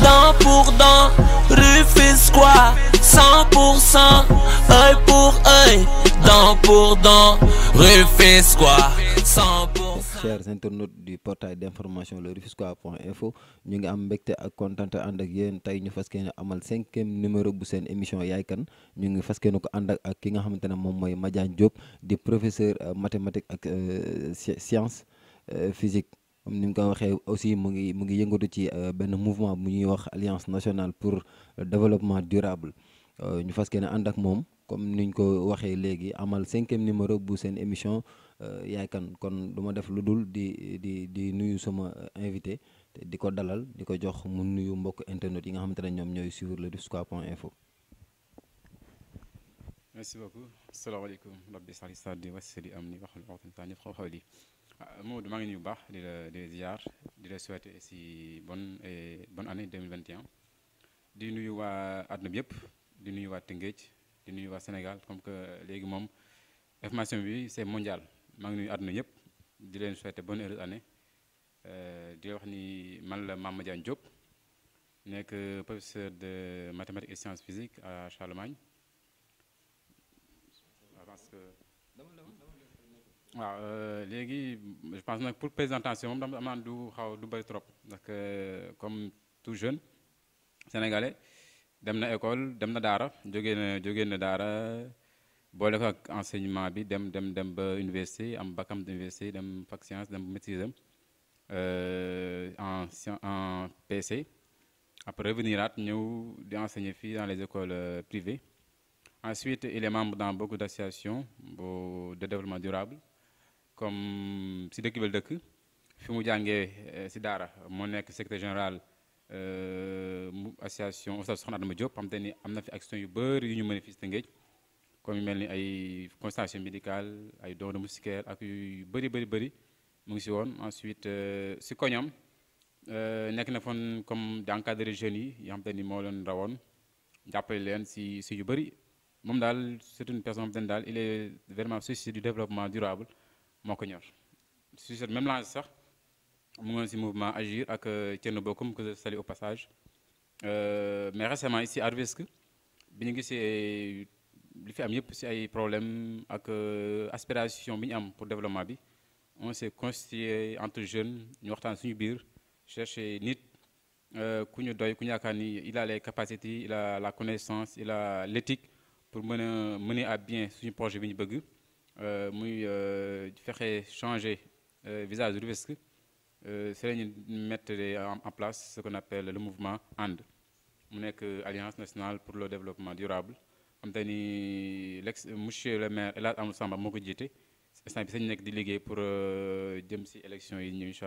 Dent pour dent, Rufus quoi 100%, œil pour œil, dent pour dent, Rufus quoi 100%. chers internautes du portail d'information le Nous ñu ngi am mbégte ak Nous ànd ak 5e cinquième numéro de seen émission Nous kan ñu ngi fas yéene ko ànd ak ki nga professeur euh, mathématique ak euh, science euh, physique comme ni ko waxee aussi mu ngi mu ngi yëngatu ci ben mouvement bu ñuy wax alliance nationale pour euh, développement durable euh, ñu fas yéene ànd ak mom comme niñ ko waxee légui amal 5e numéro bu seen émission yaay kan kon duma def luddul di di di nuyu sama invité te di dalal diko jox mu nuyu mbokk internet yi nga xamante ñom ñoy suivre le louvisquois merci beaucoup asalaamaaleykum rabbi sali saddi wasali am ni waxal waxtaan ñëpp xaw xawli ah, Maodo maa ngi nuyu bu baax di la ziar di souhaiter bonne eh, bonne année 2021 di nuyu waa à bi yëpp di nuyu waa Tëngéej di nuyu Sénégal comme que léegi moom L'information bi c'est mondial maa ngi nuyu àdduna yëpp di leen souhaiter bonne heureuse année euh, di wax ni man la Mame Je Diop professeur de mathématiques et sciences physiques à Charlemagne. Parce que waaw euh, je pense nag pour présentation moom dama amaan du xaw du bëri trop ndax euh, comme tout jeune sénégalais dem na école dem na daara jógee na jógee na daara boole ko ak enseignement bi dem dem dem ba université am bac am d'université dem fac science dem maîtrise am euh, en en PC après venir à ñëw di enseigner fii dans les écoles privées ensuite il est membre dans beaucoup d'associations de développement durable comme si dëkk bi dëkk fi mu jàngee euh, si daara moo nekk secrétaire général euh, mu association Oustaz Soxna Adama Diop am tane amna fi action yu beur yu ñu manifester ngej comme yu mel ay constatation médicale ay don de moustiquaire ak yu beuri beuri beuri mu ngi si won ensuite euh, si euh nek na fon comme d'encadrer jeunes yi am tane mo leen rawon jàppale leen ci ci yu beuri mom dal c'est une personne xam te il est vraiment soucieux du développement durable mon ko ñor le cette même lance, sax mu ngoon mouvement Agir ak euh, Thierno comme que je salue au passage euh, mais récemment ici à Arvesque, bi ñu gisee li fi am l'aspiration pour ay des ak euh, aspiration pour développement on s'est constitué entre jeunes nous avons suñu bir, chercher nit doy il a les capacités il a la connaissance il a l'éthique pour mener à bien ce projet de euh, muy euh, changer changer euh, visage de risque. c'est la mettre en place ce qu'on appelle le mouvement And l'Alliance alliance nationale pour le développement durable am te l'ex monsieur le maire Elad Hadj Amadou Samba moo ko jiite instant bi pour jëm si élection yi ñu incha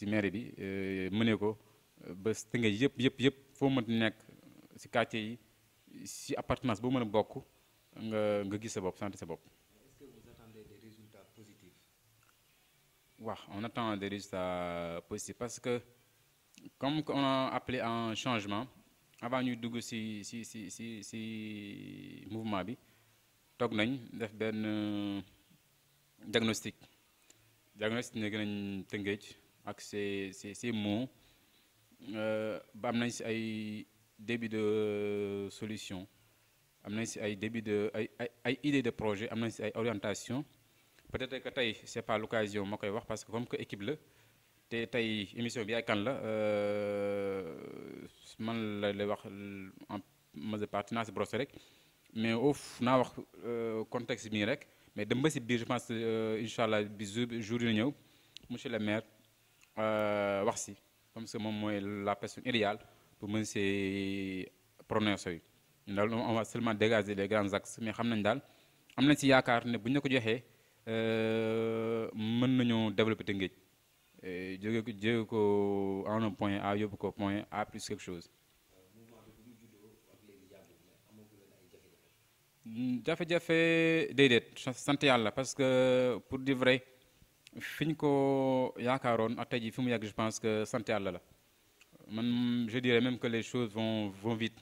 ci mairie bi euh, mënee ko euh, ba Tëngéej yëpp yëpp yëpp fo mënti nekk euh, ci quartier yi ci appartenance bo mën a bokk nga nga gis sa bopp sa bop est-ce que vous attendez des résultats positifs. wax on attend des résultats positifs parce que comme on a appelé un changement avant ñu dugg ci ci ci ci mouvement bi tok nañ def ben diagnostic diagnostic ne gënañ a c'est ces mots euh, début de solution début de idée de projet orientation peut-être que c'est pas l'occasion parce que comme que équipe émission euh, en mais euh, contexte mais de je pense inshallah jour monsieur le maire. Euh, wax si comme que moment la personne idéale pour mën si prononcer yi on va seulement dégager les grands axes mais xam nañ daal am nañ si yaakaar ne bu ñu euh, mën nañu développer en un point A yóbbu ko point A plus quelque chose. Euh, hmm, jafe-jafe déedéet sant yàlla parce que pour dire vrai fi ko yaakaaroon ak tey fi mu yàgg je pense que sant yàlla la man je dirais même que les choses vont vont vite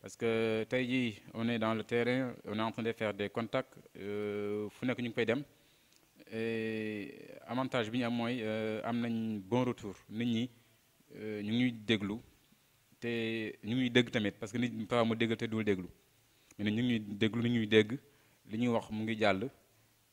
parce que tey jii on est dans le terrain on est en train de faire des contacts euh, fu nekk ñu ngi koy dem et avantage bi ñu am mooy euh, am nañ bon retour nit ñi euh, ñu ngi ñuy déglu te ñu ngi dégg tamit parce que nit pa mu dégg te dul déglu mais ñu ngi ñuy déglu ñu ñuy dégg li ñuy wax mu ngi jàll.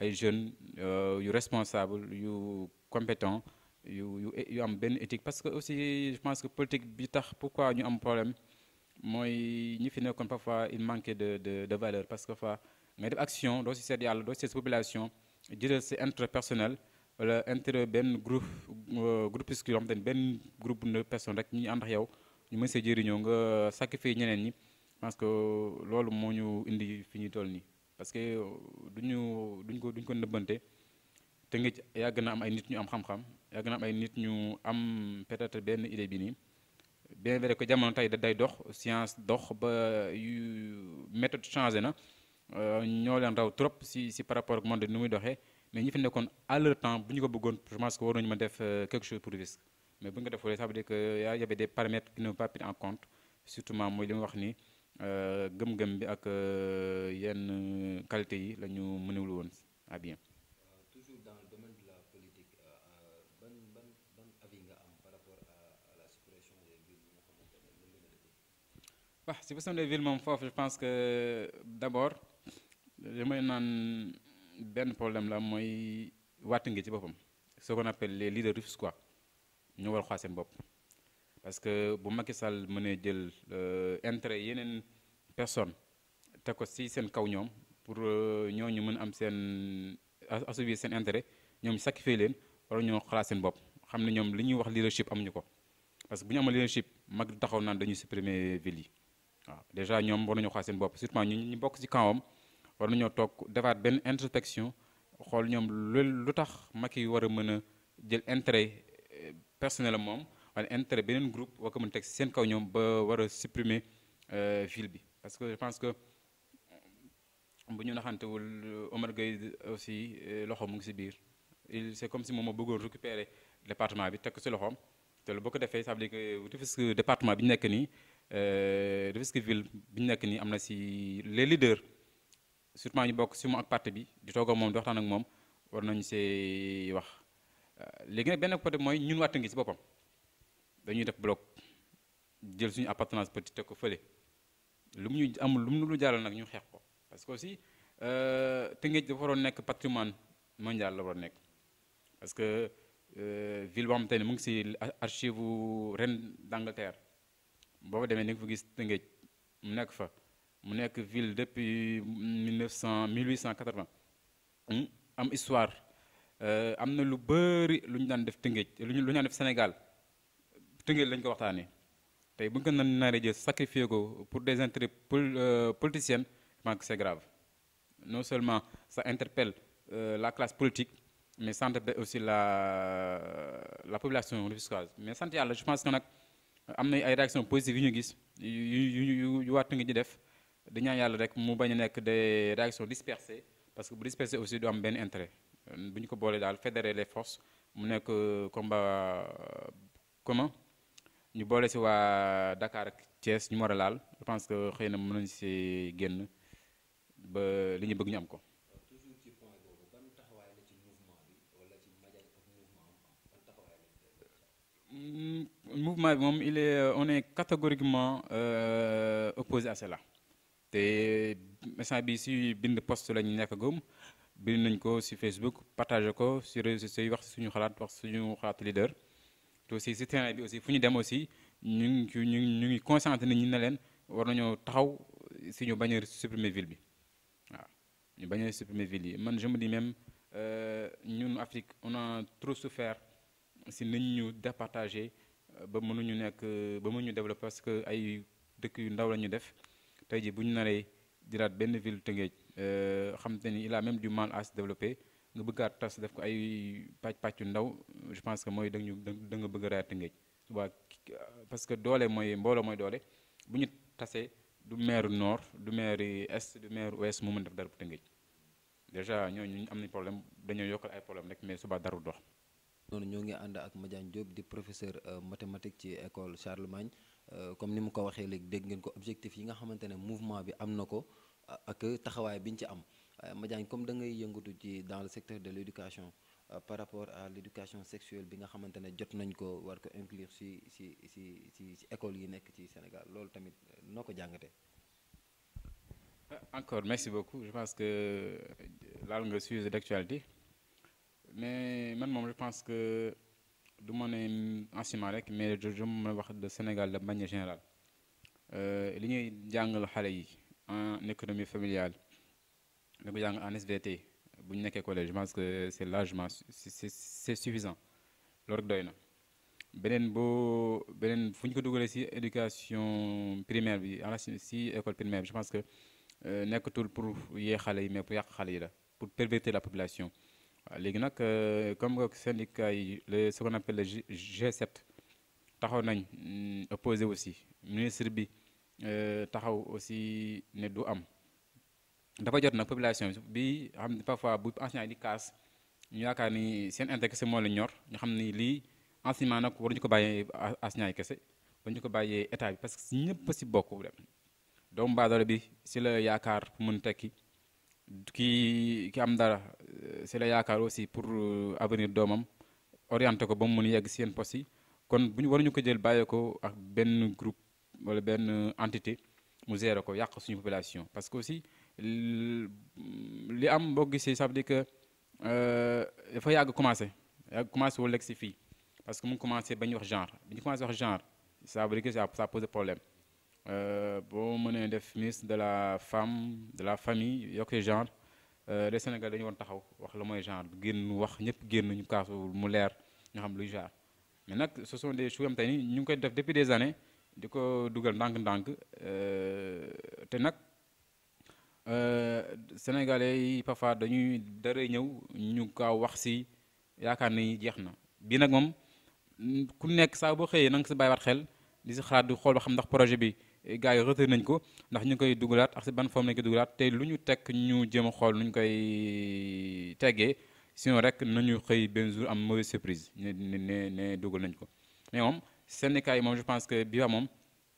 ay jeunes euh, yu responsable yu compétent yu yu yu am ben éthique parce que aussi je pense que politique bi tax pourquoi ñu am problème moy ñi fi nekkoon parfois il manquait de de de valeur parce que fa ngay def action doo si seet yàlla c'est si population jëlal si interpersonnel personnel wala intérêt benn groupe euh, groupuscule yoo xam te groupe de personnes rek ñi ànd ak yow ñu mën see jëriñoo nga sacrifier ñeneen ñi parce que lolu moo ñu indi fi ñu toll parce que euh, duñu duñ ko duñ ko neubante te nga am ay nit ñu am xam-xam am ay nit ñu peut idée bi bien vrai que jamono tay day dox science dox ba méthode euh, si si par rapport monde mais ñi fi à leur temps que war euh, quelque chose pour risque mais y avait des paramètres qui ne pas pris en compte surtout euh, gëm-gëm bi ak euh, yenn qualité yi lañu mënewul won a bien. toujours dans le domaine de la politique euh, ban ban ban avis nga am par rapport à la suppression des villes yi nga xamante ne mën nañu la waaw bah, suppression des villes mom foofu je pense que d'abord abord li may naan benn problème la moy wàtt ngi ci bopam ce qu'on appelle les leaders russes quoi ñu war a xoolee seen bopp parce que bu Macky Sall mënee jël euh, intérêt yenen personne te ko si sen kaw ñom pour euh, ñooñu mën am sen euh, assouvir sen intérêt ñom sacrifier leen wala ñoo xala sen bop xam ñom ñoom li ñuy wax leadership amuñu ko parce que bu ñu am leadership mag du taxaw naan dañuy supprimer ville déjà ñom war nañoo xala sen bop surtout ñu ñu bok ci kawam war nañoo tok defaat ben introspection xol ñom lutax lu tax Macky war a jël intérêt personnel moom wala intérêt beneen groupe wa ko mën teg seen kaw ñoom ba war a supprimer euh, ville bi parce que je pense que bu ñu naxantewul Omar Gueye aussi euh, loxo mu ngi si biir il c' est comme si moom moo bëggoon récupérer département bi teg ko si loxoom te boo ko defee ça veut dire que Rufisque département bi ñu nekk nii euh, Rufisque ville bi ñu nekk nii am na si les leaders surtout ñu bokk si mu ak parti bi di toog ak moom di waxtaan ak moom war nañu see wax léegi nag benn côté mooy ñun wàtt ngi si boppam. dañuy def bloc jël suñu appartenance petit teg ko fële lu mu ñu amul lu mu lu jàll nag ñu xeex ko parce que aussi euh, Tëngéej dafa waroon nekk patrimoine mondial la nekk parce que euh, ville boo ne mu ngi si archive ren d'Angleterre boo fa demee ni nga fa gis Tëngéej mu nekk fa mu nekk ville depuis mille cent cent 1900 1880 am histoire euh, am na lu bëri lu ñu daan def Tëngéej lu ñu lu ñu daan def Sénégal Tëngéej lañ ko waxtaanee tey bu ñu on naree jël sacrifier ko pour des intérêts euh, politiciens je pense que c'est grave non seulement ça interpelle euh, la classe politique mais ça interpelle aussi la la population rufisquoise mais sant yàlla je pense que nag am na ay réactions positives yu ñu gis yu yu yu waa Tëngéej di def di ñaan yàlla rek mu bañ a nekk des réactions dispersées parce que bu dispersé aussi du am benn intérêt euh, bu ñu ko boolee daal fédérer les forces mu nekk combat comment ñu boole si waa Dakar ak Thiès ñu war a laal je pense que xëy na mën nañ si génn ba li ñu bëgg ñu am ko. Mm, mouvement bi moom il est euh, on est catégoriquement euh, opposé à cela te message bi si bind post la ñu nekk góom bind nañ ko si Facebook partagé ko si réseaux sociaux wax suñu xalaat wax suñu xalaatu leader aussi si terrain aussi dem aussi ñu ñu ñu ngi ni ñu supprimer ville ville je me dis même euh, Afrique on a trop souffert si nañ ñu départager euh, ba ñu nek ba parce que ay dëkk yu ndaw lañu def tay ville euh, il a même du mal à se développer nga bëggaat tas def ko ay pàcc pàccu ndaw je pense que mooy da ñu da nga bëgg a raaya Tëngéej waa parce que doole mooy mbooloo mooy doole bu ñu tasee du maire noor du maire est du maire ouest mu mën def dara bu Tëngéej déjà ñooñu am nañ problème dañoo yokkal ay problème rek mais suba dara dox. noonu ñoo ngi ànd ak Madiagne Diop di professeur euh, mathématique ci école Charlemagne euh, comme ni mu ko waxee léegi dégg ngeen ko objectif yi nga xamante ne mouvement bi am na ko ak taxawaay bi ñu ci am. Euh, Madiagne comme da ngay yëngatu ci dans le secteur de l'éducation, euh, par rapport à l'éducation sexuelle bi nga xamante jot nañ ko war ko inclure si si si si si école yi nekk ci Sénégal loolu tamit euh, noko encore merci beaucoup je pense que la langue suisse d'actualité mais man je pense que du ma ne enseignement rek mais je mën wax de Sénégal de manière générale li ñuy jàngal xale yi en économie familiale le mu en SVT bu ñu collège je pense que c'est largement c'est suffisant loolu doy na. beneen boo beneen ko éducation primaire bi en si école primaire je pense que euh, nekkatul pour y xale mais pour y xale yi la pour pervertir la population. Les gens euh, que comme syndicat yi le ce qu'on appelle le G7 taxaw nañ mm, opposé aussi ministre bi euh, taxaw aussi ne du am dafa jot nag population bi xam ne parfois bu enseignant di kaas ñu yaakaar ni seen intérêt kese moo la ñor ñu xam ni lii enseignement nag waruñu ko bàyyee enseignant yi kese waruñu ko bàyyee état bi parce que ñëpp si bokk dem doomu baadoolo bi si la yaakaar pour mën tekki ki ki am dara euh, si la yaakaar aussi pour euh, avenir doomam orienté ko ba mu mën yegg seen poste yi kon bu ñu waruñu ko jël bàyyee ko ak benn groupe wala benn entité mu gérer ko yàq suñu population parce que aussi li am boo c'est ça veut dire que euh il faut yàgg commencer. wala commencer wolex fi parce que mon commencer commencé wax genre bi ñu wax genre ça veut dire que ça pose problème euh, bo mënee def ministre de la femme de la famille yoké genre euh, les sénégalais dañu won taxaw wax le moy genre guen wax ñep guen ñu kaasu mu leer ñu xam luy genre mais nak ce sont des choses am ni ñu koy def depuis des années diko ko dank dank euh té nak euh, sénégalais yi parfois dañuy dara ñew ñu ka wax si yaakaar ni jeex na bii nag moom ku nekk sa bo xëyee na nga si wat xel di ci xalaat di xol ba xam ndax projet bi eh, gaay yi retenir nañ ko ndax ñu ngi koy dugulat ak ci ban forme lañ koy dugalaat te luñu tek ñu jëm xol xool nu ñu koy teggee sinon rek nañu xey ben jour am mauvaise surprise ne ne ne dugul nañ ko mais mom sénégalais mom je pense que bii mom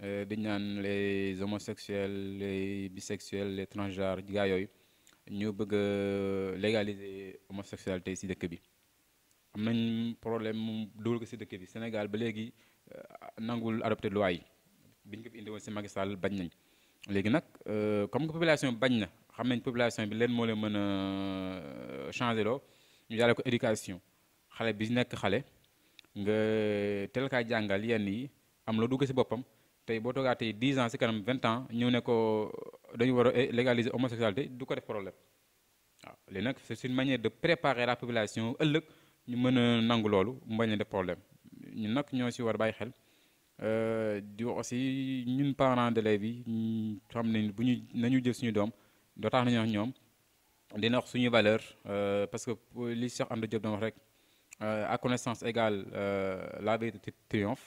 Euh, dañ naan les homosexuels les bisexuels les transgenres gaa yooyu ñu bëgg légaliser homosexualité si dëkk bi am problème mu dugal ko si dëkk bi Sénégal ba léegi euh, nangul adopté loi yi biñ ko fi indi woon si Macky Sall bañ nañ léegi nag euh, comme que population bañ na xam nañ population bi leen moo leen mën a changer loo ñu jaaree ko éducation xale bi nekk xale nga teel kaa jàngal yenn yi am loo dugg si boppam tey boo toogaa 10 ans 20 ans ñëw a eh, légaliser homosexualité du problème c'est une manière de préparer la population ëllëg ñu mën a nangu problème ñun ñoo euh, aussi ñun parents de yi xam sommes bu nañu jël suñu doom doo tax nañu wax valeur euh, parce que li Cheikh Amadou euh, à connaissance égale la vérité triomphe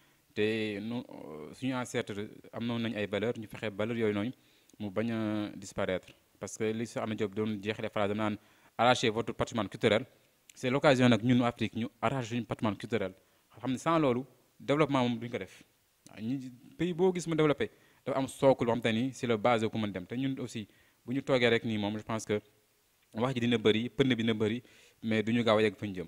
de ñu suñu ancêtre am noon ay valeur ñu fexé valeur yoy noonu mu baña disparaître parce que li Soxna Diop doon jeexale phrase naan arracher votre patrimoine culturel C'est l'occasion nak ñun Afrique ñu arracher une patrimoine culturel xamni sans lolu développement mom duñ ko def ñi pays bo gis mu développer dafa am sookul boo xam te la base ku mën dem té ñun aussi buñu ñu rek ni mom je pense que wax ji dina bëri pënd bi dina bëri mais du gawa yegg fa jëm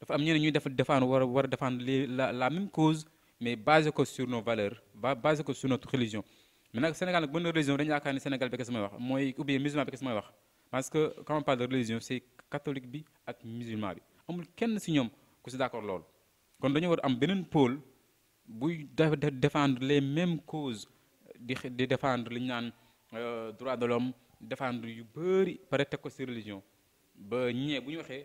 dafa am ñeneen ñuy def défendre war défendre la même cause mais basé ko sur nos valeurs basé ko sur notre religion maintenant Sénégal nag bonne religion dañu yaakaar ne Sénégal bi kese may wax mooy ou bien musulman bi kese may wax parce que quand on parle de religion c'est catholique bi ak musulman bi amul kenn si ñoom ku si d'accord loolu kon dañu war am beneen pôle buy défendre les mêmes causes di défendre li ñaan euh, droit de l'homme défendre yu bëri pare teg ko si religion ba ñee bu ñu waxee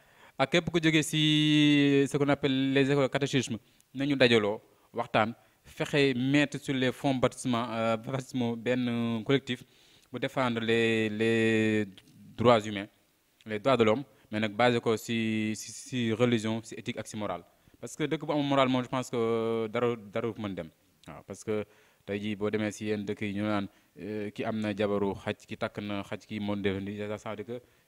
ak quel point jógee si ce qu'on appelle les écoles catéchisme nañu dajaloo waxtaan faire mettre sur les fonds euh, bâtiment ben collectif bu défendre les les droits humains les droits de l'homme mais nag basé ko si si si religion si éthique ak si morale parce que dëkk bu amul morale moom je pense que daro daro mën dem parce que t'as dit bon demain si un dëkk yi ñu naan euh, ki am na jabaru xaj ki takk na xaj ki moom def ça c'est que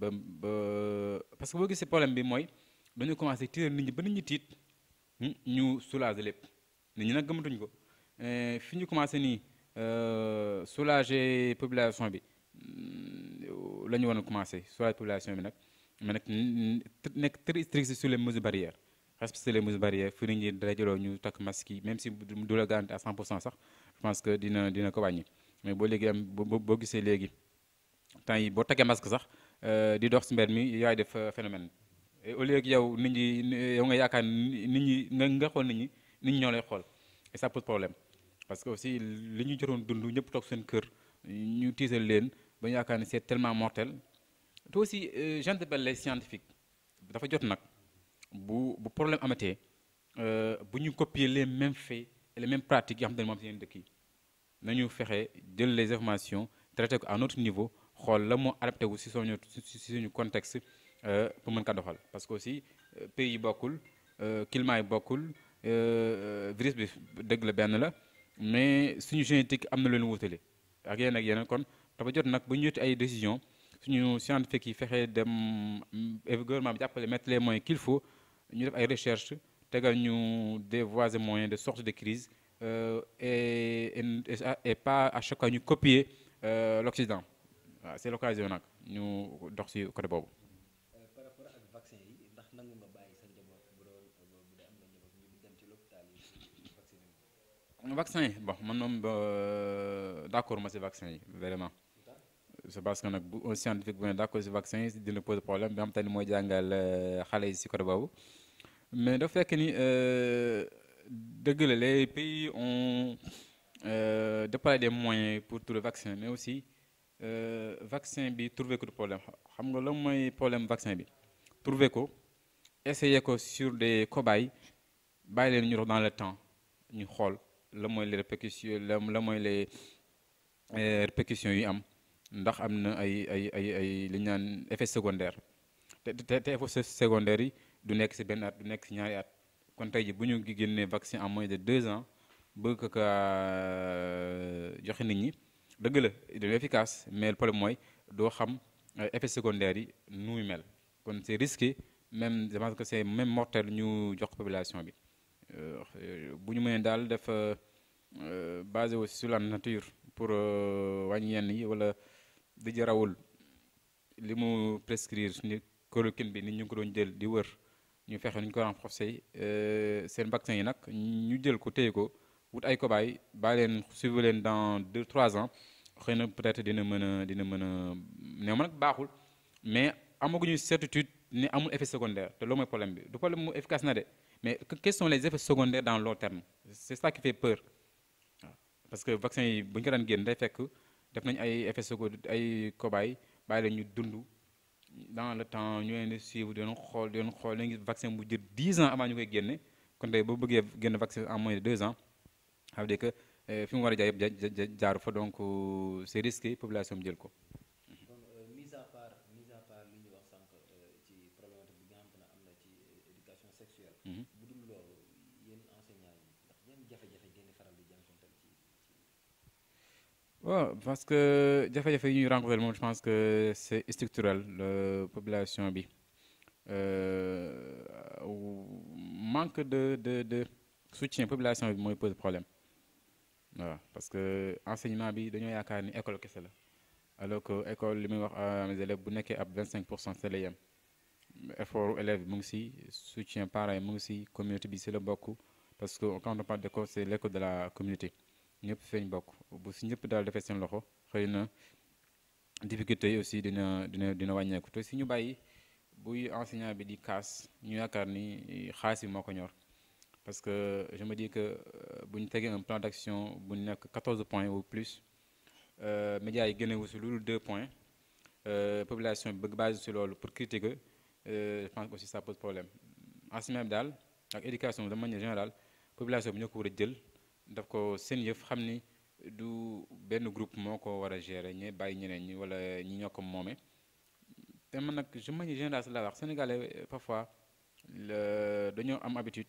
parce que boo gisee problème bi moy dañu commencé tiital nit ñi ba nit ñi tit hmm, ñu soulager lépp nit ñi nag gëmatuñ ko eh, fi ñu commencé euh soulager population bi hmm, lañu wone war commencé soulager population bi nak mais nak hmm, nek très strict sur les mesures barrières respecter les mesures barrières fi nit ñi dajaloo ñu tak masque même si du la garanti à 100 sax je pense que dina dina ko wàññi mais bo légui bo boo légui léegi temps yi bo tagué masque sax euh, di dox si mbed mi yaay def euh, phénomène et au lieu que yow nit ñi yow nga yaakaar nit ñi nga nga xool nit ñi nit ñi ñoo lay xool et ça pose problème parce que aussi li ñu jotoon dund ñëpp toog seen kër ñu tiisal leen ba ñu yaakaar ne c'est tellement mortel te aussi de euh, les scientifiques dafa jot nag bu bu problème amatee bu ñu copier les mêmes faits et les mêmes pratiques yi xam ne moom seen dëkk yi nañu fexe jël les informations traité ko à notre niveau xol la mo adapté wu si suñu si suñu contexte euh, pour mën ka doxal parce que aussi euh, pays yi bokkul euh, climat yi bokkul virus bi dëgg la benn la mais suñu génétique am na lu leen wutale ak yeneen ak yeneen kon dafa jot nag bu ñu jotee ay décision suñu scientifique yi fexe dem gouvernement bi jàppale mettre les moyens qu'il faut ñu def ay recherches, tegal ñu des voies et moyens de sortie de crise et et pas à chaque fois ñu copier l'Occident waaw c'est l'occasion nak ñu dox ci côté boobu. Euh, par rapport ak vaccin yi ndax nangu nga bàyyi sa njaboot bu doon bu dee am na njaboot ñu dem ci l'hôpital yi vacciné wu. vaccin bon man moom euh, d'accord ma ci vaccin yi vraiment. c'est parce que nak bu un scientifique bu né d'accord ci vaccin yi dina pose problème bi am tamit moy jangal euh, xale yi ci côté bobu mais dafa fekk ni dëgg la les pays ont déployé des moyens pour tout le vaccin mais aussi. Euh, vaccin bi trouver ko problème xam nga lan moy problème vaccin bi trouver ko essayer ko sur des cobayes bay leen ñu dox dans le temps ñu xol la moy les répercussions la moy les euh, répercussions yu am ndax amna ay ay ay ay li ñaan naan effet secondaire té te effet secondaire yi du nekk ci ben at du nekk ci ñaari at kon tay ji bu ñu génnee vaccin en moins de deux ans bëgg ka euh, joxe nit ñi deug la dina efficace mais le problème moy do xam euh, effet secondaire yi nu mel kon c'est risqué même je pense que c'est même mortel ñu jox population bi euh, buñu mëne dal def dafa euh, basé aussi sur la nature pour wañ yenn yi wala di jarawul li mu prescrire ni chloroquine bi ni ñu ko doon jël di wër ñu fexé ñu ko euh seen vaccin yi nak ñu jël ko téy ko wut ay cobaye ba len suivre leen dans deux 3 ans xëy na peut-être dina mën a dina mën a néew ma nag baaxul mais amaguñu certitude ni amul effet secondaire te loolu mooy problème bi du problème mu efficace na de mais quels sont les effets secondaires dans long terme c'est ça qui fait peur parce que vaccin yi bu ñu ko daan génn day fekk def nañ ay effets secondaires ay cobay bàyyi la ñu dund dans le temps ñu leen di suivre di leen xool di leen xool dañuy vaccin bu jël 10 ans avant ñu koy génne kon tey boo bëggee génn vaccin en moins de 2 ans ça que eh, fi mu war a jaar jaaru fa donc euh, c'est risqué population bi jël ko. Euh, waaw euh, mhm. parce que jafé jafé yi ñuy rencontré moom je pense que c'est structurel le population bi euh, manque de de de soutien population bi mooy pose problème parce que enseignement bi dañoo yaakaar ni école kese la alors que école li muy wax à mes élèves bu nekkee ab 25 pour cent la yem effort élève bi mu ngi si soutien parent mu ngi si communauté bi si la bokk parce que quand on parle d'école c'est l'école de la communauté ñëpp feeñ bokk bu si ñëpp daal defee seen loxo xëy na difficulté yi aussi dina dina dina wàññeeku te si ñu bàyyi buy enseignant bi di kaas ñu yaakaar ni xaalis bi moo ko ñor parce que je me dis que si on a un plan d'action action a que 14 points ou plus les euh, médias ont gagné sur 2 points euh, population bi bëgg sur si pour critiquer euh, je pense que ça pose problème En ce moment, ak éducation de manière générale population bi ñoo ko war a jël daf ko seen yëf xam du ben groupe moo ko gérer ñe bàyyi ñeneen ñi wala ñi ñoo ko moome je manière générale si la wax sénégalais parfois dañoo am habitude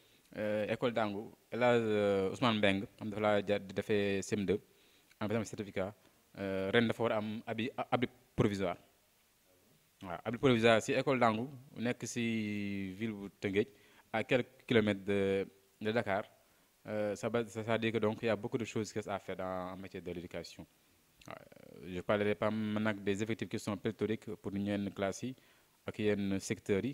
Euh, école Dangu là euh, Ousmane Beng, qui a fait CM2 en fait un certificat euh, ren fort, on a am abri provisoire waaw abri provisoire si école Dangu est ici, ville de Tengue, à quelques kilomètres de Dakar ça veut ça dire qu'il y a beaucoup de choses à faire dans en matière de l'éducation je parlerai pas maintenant des effectifs qui sont pléthoriques pour une classe qui qui une une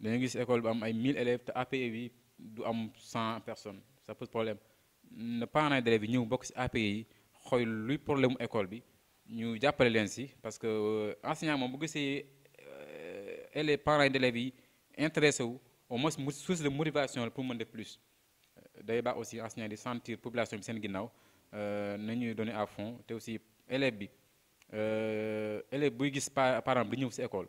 dañu gis école bi 1000 élèves te APE bi du 100 personnes ça pose problème pas parents d'élèves yi ñëw bokk si APE yi xool problème à école Nous ñu apprenons leen parce que euh, enseignant moom bu euh, les parents d'élèves intéressé au moins source de motivation pour pour monde de plus D'ailleurs aussi enseignant di sentir population bi seen nous euh, nous donner à fond Et aussi élève bi euh, élève buy gis parent bi un ñëw école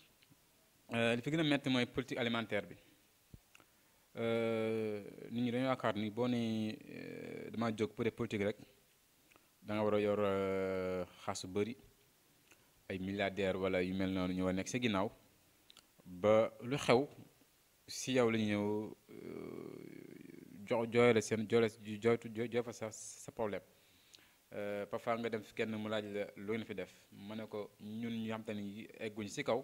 Euh, li fi gën a politique alimentaire bi euh, nit ñi dañu yaakaar ni boo nee euh, pour politique rek da nga war a yor xaasu bëri ay milliardaire wala yu mel noonu ñoo nekk sa ginnaaw ba lu xew si yow la ñu ñëw jox jooy la seen jooy sa sa problème parfois nga dem fi kenn mu laaj la lu fi def ma ko ñun ñu kaw.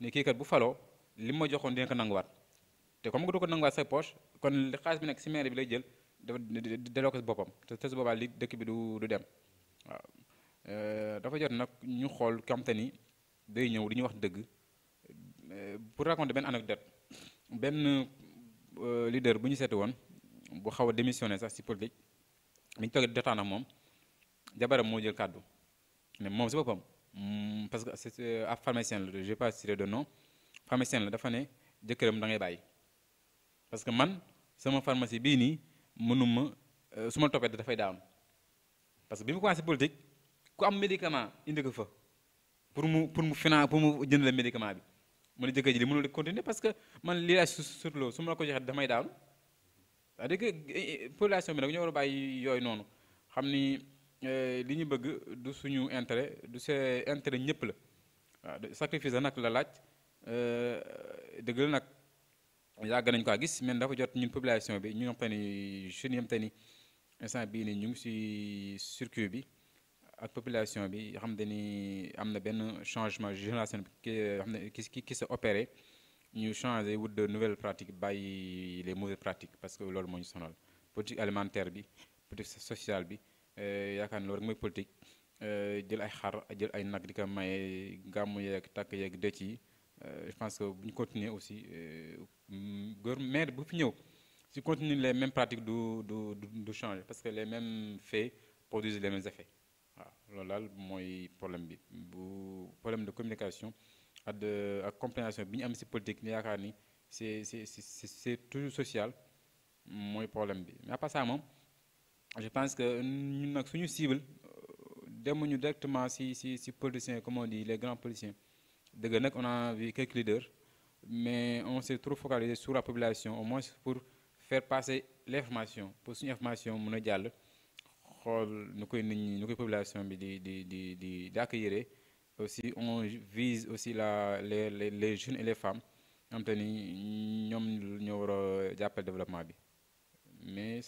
ne kii kat bu faloo li ma joxoon dina ko nanguwaat te comme que du ko nanguwaat sa poche kon li xaalis bi nekk si maire bi lay jël dafa delloo ko si boppam te te su boobaa li dëkk bi du du dem waaw euh, dafa jot nag ñu xool kamte ni day ñëw di ñu wax dëgg euh, pour raconter benn anecdote benn euh, leader bu ñu seeti woon bu xaw a démissionné sax si politique bi ñu toogee dotaan ak moom jabaram moo jël kàddu mais moom si boppam. Mm, parce que cette euh, pharmacienne, pharmacien la j'ai pas cité de nom pharmacienne, la dafa ne jëkkëram da ngay bàyyi parce que man sama pharmacie bii nii mënuma euh, su ma toppee dafay daanu parce que bi mu commencé politique ku am médicament indi ko fa pour mu pour mu finance pour mu jënd la médicament bi mu ne jëkkër ji li mënul di parce que man lii laa surloo su ma la ko joxee damay daanu c'est-à-dire que euh, population bi nag ñoo war a bàyyi yooyu noonu euh, li ñu bëgg du suñu intérêt du see intérêt ñëpp la waaw sacrifice la nag la laaj euh, dëgg la nag yàgg nañ ko gis mais dafa jot ñun population bi ñu xam te ni jeunes yi am te ni instant bii nii ñu ngi si circuit bi ak population bi xam te ni am na benn changement génération bi xam ne ki ki sa opéré ñu changé wut de nouvelles pratiques bàyyi les mauvaises pratiques parce que loolu moo ñu sonal politique alimentaire bi politique sociale bi. Eh, yaakaar ne qui rek politique eh, jël ay xar jël ay nag dika maye eh, je pense que nous continuer aussi mais mm, maire bu fi si continue les mêmes pratiques du du du changer parce que les mêmes faits produisent les mêmes effets voilà problème bi problème de communication de compréhension politique c'est c'est c'est toujours social moy problème mais à je pense que nous sommes cibles cible euh, demuñu directement si si si politiciens comme on dit les grands politiciens de a vu quelques leaders mais on s'est trop focalisé sur la population au moins pour faire passer l'information pour une information mondiale, Nous jàll une population d'accueillir. aussi on vise aussi la les les jeunes et les femmes am te ni ñoom développement bi mais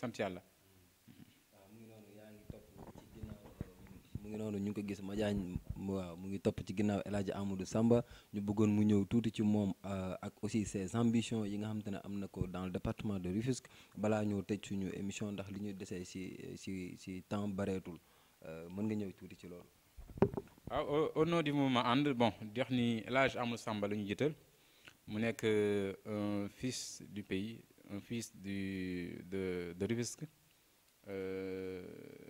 ngi noonu ñu ngi ko gis Madiagne waaw mu ngi topp ci ginnaaw El Amadou Samba ñu bëggoon mu ñëw tuuti ci moom euh, ak aussi ses ambitions yi nga xam te ko dans le département de Rufisque bala ñu tecc suñu émission ndax li ñu desee ci ci ci temps barétul euh mën nga ñëw tout ci lool waaw ah, au nom du mouvement ànd bon dix ni El Hadj Amadou Samba la ñu jiital mu nekk euh, un fils du pays un fils du de de Rufisque. euh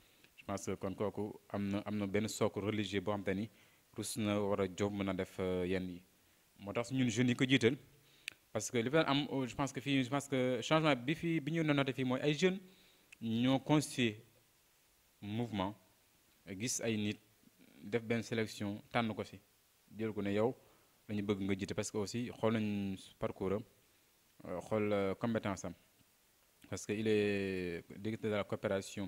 je pense que kon koku amna amna ben na religieux bo am te ni rus na wara job meuna def euh, yenn yi motax ñun jeune yi ko jiital parce que li fa am euh, je pense que fi je pense que changement bi fi bi ñu noté fi moy ay jeunes ñoo constitué mouvement gis ay nit def ben sélection tan ko si jël ko ne yow lañu bëgg nga jiite parce que aussi xol nañ parcours xol euh, xool compétence am parce que il est directeur de la coopération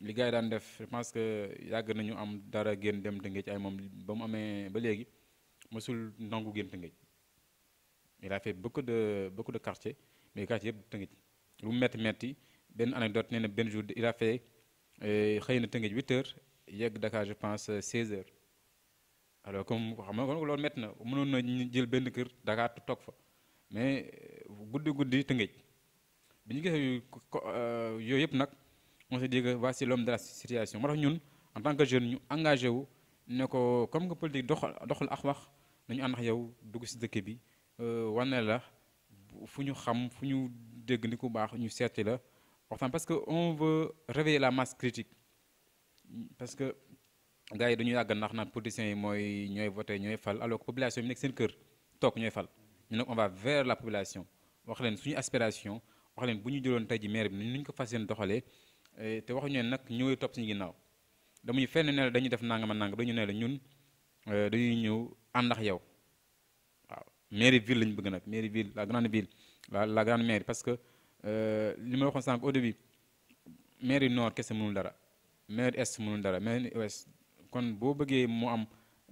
li gars yi daan def je pense que yàgg nañu am dara génn dem Tëngéej ay moom ba mu amee ba léegi mësul nangu génn Tëngéej il a fait de beaucoup de quartiers mais quartier yëpp Tëngéej lu mu metti metti benn anecdote nee na benn jour il a euh, xëy na Tëngéej 8 heures yegg Dakar je pense 16 euh, heures alors comme xam nga kon loolu metti na mënoon na ñu jël benn kër Dakar toog fa mais euh, guddi guddi Tëngéej bi ñu gisee yooyu yëpp nag. on s'est dit que voici l'homme de la situation Mais nous, en tant que jeunes ñu engagé wu comme que politique doxal doxal ak wax nañu ànd ak yow dugg si dëkk bi euh, wane la fu ñu xam fu ñu dégg ni ku baax ñu seeti la waxtaan parce que on veut réveiller la masse critique parce que gars yi dañu yàgg ndax naan politiciens yi mooy ñooy voté ñooy fal alors que population bi nekk seen kër toog ñooy fal ñu nag on va vers la population wax leen suñu aspiration wax leen bu ñu jëloon tey ji maire bi ni ñu ko fas yéen Eh, te waxuñu ne nag ñooy topp suñu ginnaaw damuñu fenn ne la dañuy def nangama nang dañu ne la ñun eh, dañuy ñëw ànd ak yow waaw mairie ville lañu bëgg nag mairie ville la grande ville la la mairie parce que eh, li ma waxoon sànq au début mairie nord kese mënul dara mairie est mënul dara mairie ouest kon boo bëggee mu am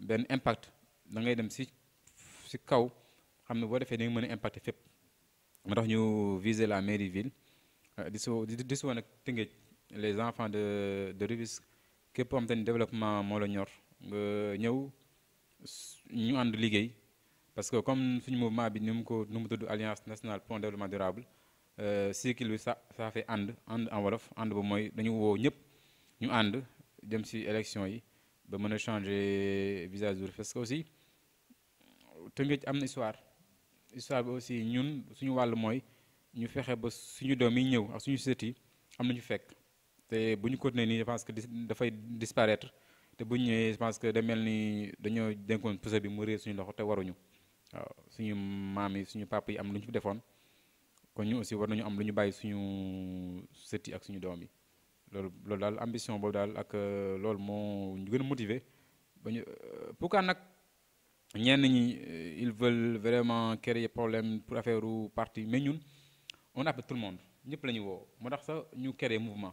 benn impact da ngay dem si si kaw xam ne boo defee da nga mën a impacter fépp moo tax ñu viser la mairie ville di soo di soo nag tëngéej les enfants de de Rufisque képp koo xamante développement moo la ñor nga ñëw ñu ànd liggéey parce que comme suñu mouvement bi ni mu ko nu mu alliance nationale pour un développement durable euh, cycle bi sa ça fait and, and en wolof and bu mooy dañu woo ñëpp ñu and, jëm si élection yi ba mën changer visage du parce que aussi Tëngéej am na histoire histoire bi aussi ñun suñu wàll mooy ñu fexe ba suñu doom yi ñëw ak suñu sët yi am nañu fekk té buñu ko continuer nii je pense que da fay disparaître té buñu ñu je pense que da melni dañoo dénkoon puso bi mu réer suñu loxo té waruñu waaw suñu maam yi suñu papa yi am luñu fi defoon kon ñu aussi war nañu am luñu bayyi suñu sët ak suñu doom yi lool lool dal ambition boobu dal ak euh, lool mo ñu gën a motiver ba ñu euh, pourquoi nag ñenn ñi euh, ils veulent vraiment créer problème pour affaire ou parti mais ñun on appelle tout le monde ñëpp lañu ñu woo moo tax sa ñu créer mouvement.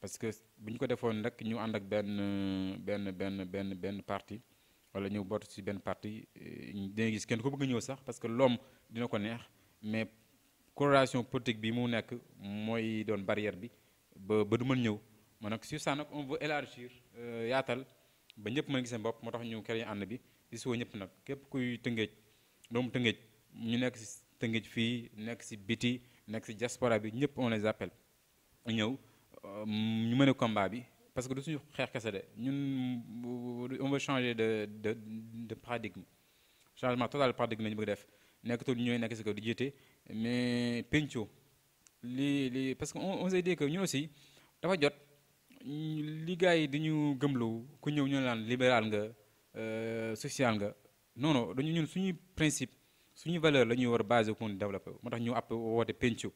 parce que buñ ko defoon nak ñu and ak ben ben ben ben ben parti wala ñu bot ci ben parti eh, dañ gis kenn ko bëgg ñëw sax parce que l'homme dina ko neex mais coloration politique bi mu nekk moy doon barrière bi ba ba du mën ñëw man nag ci ça nak on veut élargir euh, yaatal ba ñëpp mën gis seen motax moo tax ñu créé ànd bi di si ñëpp nak képp kuy tëngéej doom tëngéej ñu nekk ci tëngéej fi nekk ci biti nekk ci diaspora bi ñëpp on les appelle ñëw euh, ñu mëne combat bi parce que du suñu xeex kese de ñun on veut changer de de de paradigme changement total paradigme ñu bëgg def nekkatul ñooy nekk si kaw di jiite mais penco li li parce que on a dit que ñun aussi dafa jot li gars yi dañu gëmloo ku ñëw ñu laan libéral nga euh, social nga non non dañu ñun suñu principe suñu valeur la ñu war a basé ko développer motax ñu app woote penco.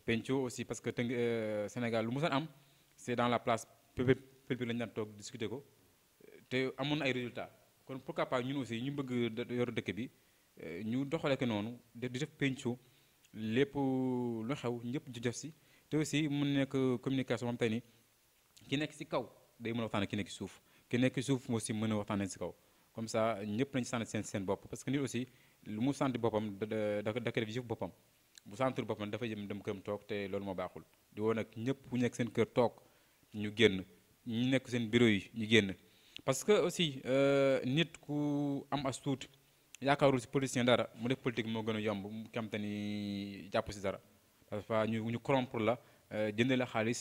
Pencho aussi parce que tënk euh, Sénégal lu mu am c'est dans la place Peu la ñu daan discuter ko te amoon na ay résultats kon pourquoi pas ñun aussi ñu bëgg yor dëkk bi euh, ñu doxalee ko non. di def les pour lu xew ñëpp di def si te aussi mu nekk communication mon tani, ni ki que si kaw day mën a waxtaan ki nekk si suuf ki nekk si suuf aussi mën a waxtaanee que kaw comme ça ñëpp nañu sant seen seen bopp parce que nous aussi lu mu sant boppam da da da ko def jëf bu sentir boppam dafa jëm dem këram toog te loolu moo baaxul di woon ak ñëpp bu nekk seen kër toog ñu génn ñu nekk seen bureau yi ñu génn parce que aussi euh, nit ku am as tuut yaakaarul si politicien dara mu def politique moo gën a yomb mu xam te ni jàpp si dara parfois ñu ñu la euh, jënd la xaalis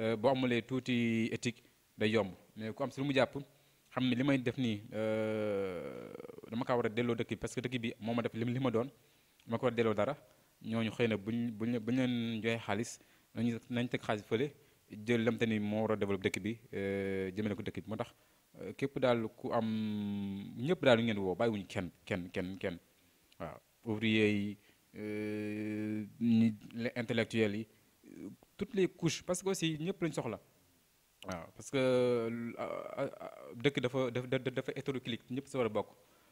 euh, boo amulee tuuti éthique day yomb mais ku am lu mu jàpp xam ne li may def nii dama kaa war a delloo dëkk bi parce que dëkk bi moo a def li ma doon dama ko war a delloo dara ñooñu xëy na buñ buñ buñ leen joxe xaalis nañu nañ jël lam moo war a dëkk euh, ko dëkk bi euh, képp daal ku am ñëpp daal kenn kenn kenn ouvrier euh, intellectuels toutes les couches parce que aussi ñëpp lañ soxla waaw parce que dëkk dafa dafa dafa ñëpp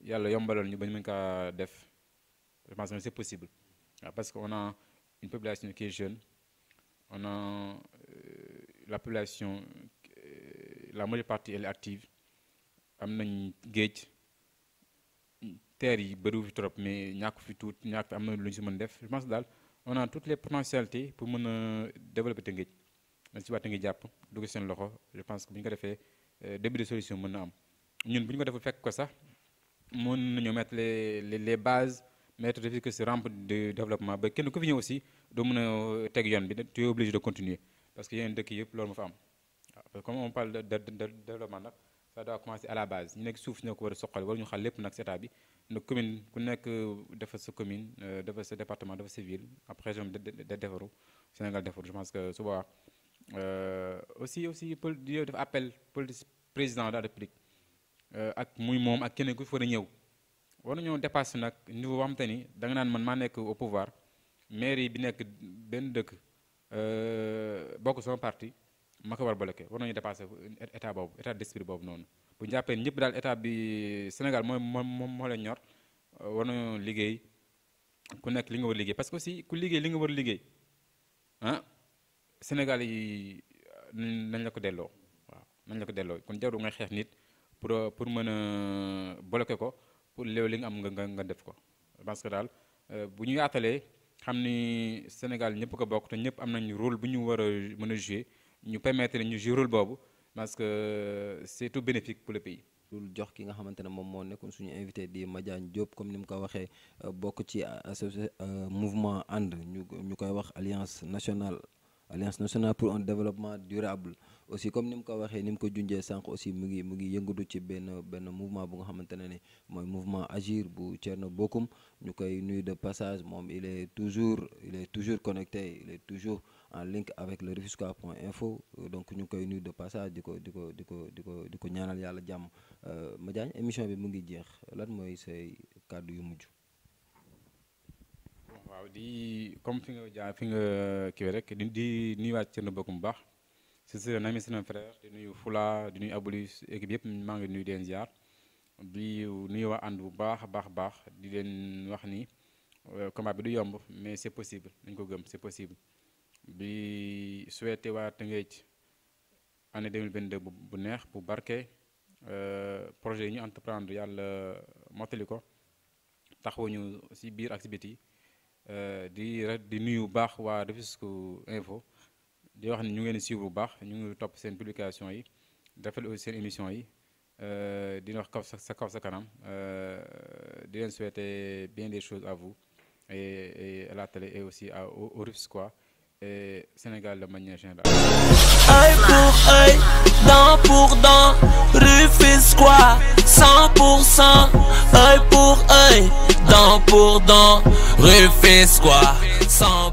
il y a je pense que c'est possible ah, parce qu'on a une population qui est jeune on a euh, la population euh, la moitié partie est active terre trop mais je pense on a toutes les potentialités pour développer je pense que nous euh, avons début de solution Nous mën nañu mettre les les bases mettre defi que si rampe de développement Mais kenn nous fi aussi doo mën a euh, tu es obligé de continuer parce qu'il que a dëkk yëpp loolu moo fa am waaw comme on parle de développement ça doit commencer à la base ñu nekk suuf ñoo ko war a soqal war ñu xal lépp nag si état bi de commune ku nekk euh, dafa sa commune euh, département, sa département dafa sa ville après région de defaru Sénégal je pense que su euh, aussi aussi pour dire appel appel le président de la République Euh, ak muy moom ak keneen ku fa ñëw war nañoo dépassé nag niveau boo ni danga naan man maa nekk au pouvoir mairie bi nekk benn dëkk euh, bokk soo parti ma ko war bloqué war nañu dépassé état boobu état d'esprit boobu noonu bu ñu jàppee ñëpp daal état bi Sénégal mooy moom moo leen ñor euh, war nañoo liggéey ku nekk li nga war liggéey parce que aussi ku liggéey li nga war liggéey ah Sénégal yi nañ la ko delloo waaw nañ la ko delloo kon jarul xeex nit. pour euh, pour mën bloquer ko pour léew li nga am nga nga def ko parce que daal euh, bu ñu yaatalee Sénégal ñëpp ko bokk te ñëpp am nañu rôle bu ñu rôle a mën a jouer ñu permettre ñu jouer rôle boobu parce que euh, c'est tout bénéfique pour le pays. loolu jox ki nga xamante ne moom moo nekkoon suñu invité di Madiagne Diop comme ni mu ko waxee bokk ci mouvement ànd ñu ñu koy wax alliance nationale alliance nationale pour un développement durable aussi comme nous ko aussi mouvement bu nga mouvement agir bu de passage il est toujours il est toujours connecté il est toujours en lien avec le refusca.info. donc ñu koy de passage diko diko diko diko diko ñaanal yalla que ma émission bi ngi lan say yu comme fi nga fi nga rek di c'est un ami c'est un frère di nuyu Fula di nuyu Abouli équipe yëpp maa ngi nuyu deen ziar di nuyu waa ànd bu baax a baax baax di leen wax ni euh, combat bi du yomb mais c'est possible dañ ko gëm c'est possible bi souhaité waa Tëngéej année 2022 bu bu neex bu barke euh, projet yi ñu entreprendre yàlla mottali ko taxawuñu ci biir ak ci biti euh, di di nuyu baax waa Rufisque Info di wax ni ñu ngeen suivre bu baax ñu ngi top seen publication yi defal aussi seen émission yi euh, di wax kaw sa kaw sa kanam euh, di len souhaiter bien des choses à vous et, et à la télé et aussi à, au, au RIPS quoi et Sénégal de manière générale. œil pour œil, dent pour dent, Rufisque quoi, 100%. œil pour œil, dent pour dent, Rufisque quoi, 100%.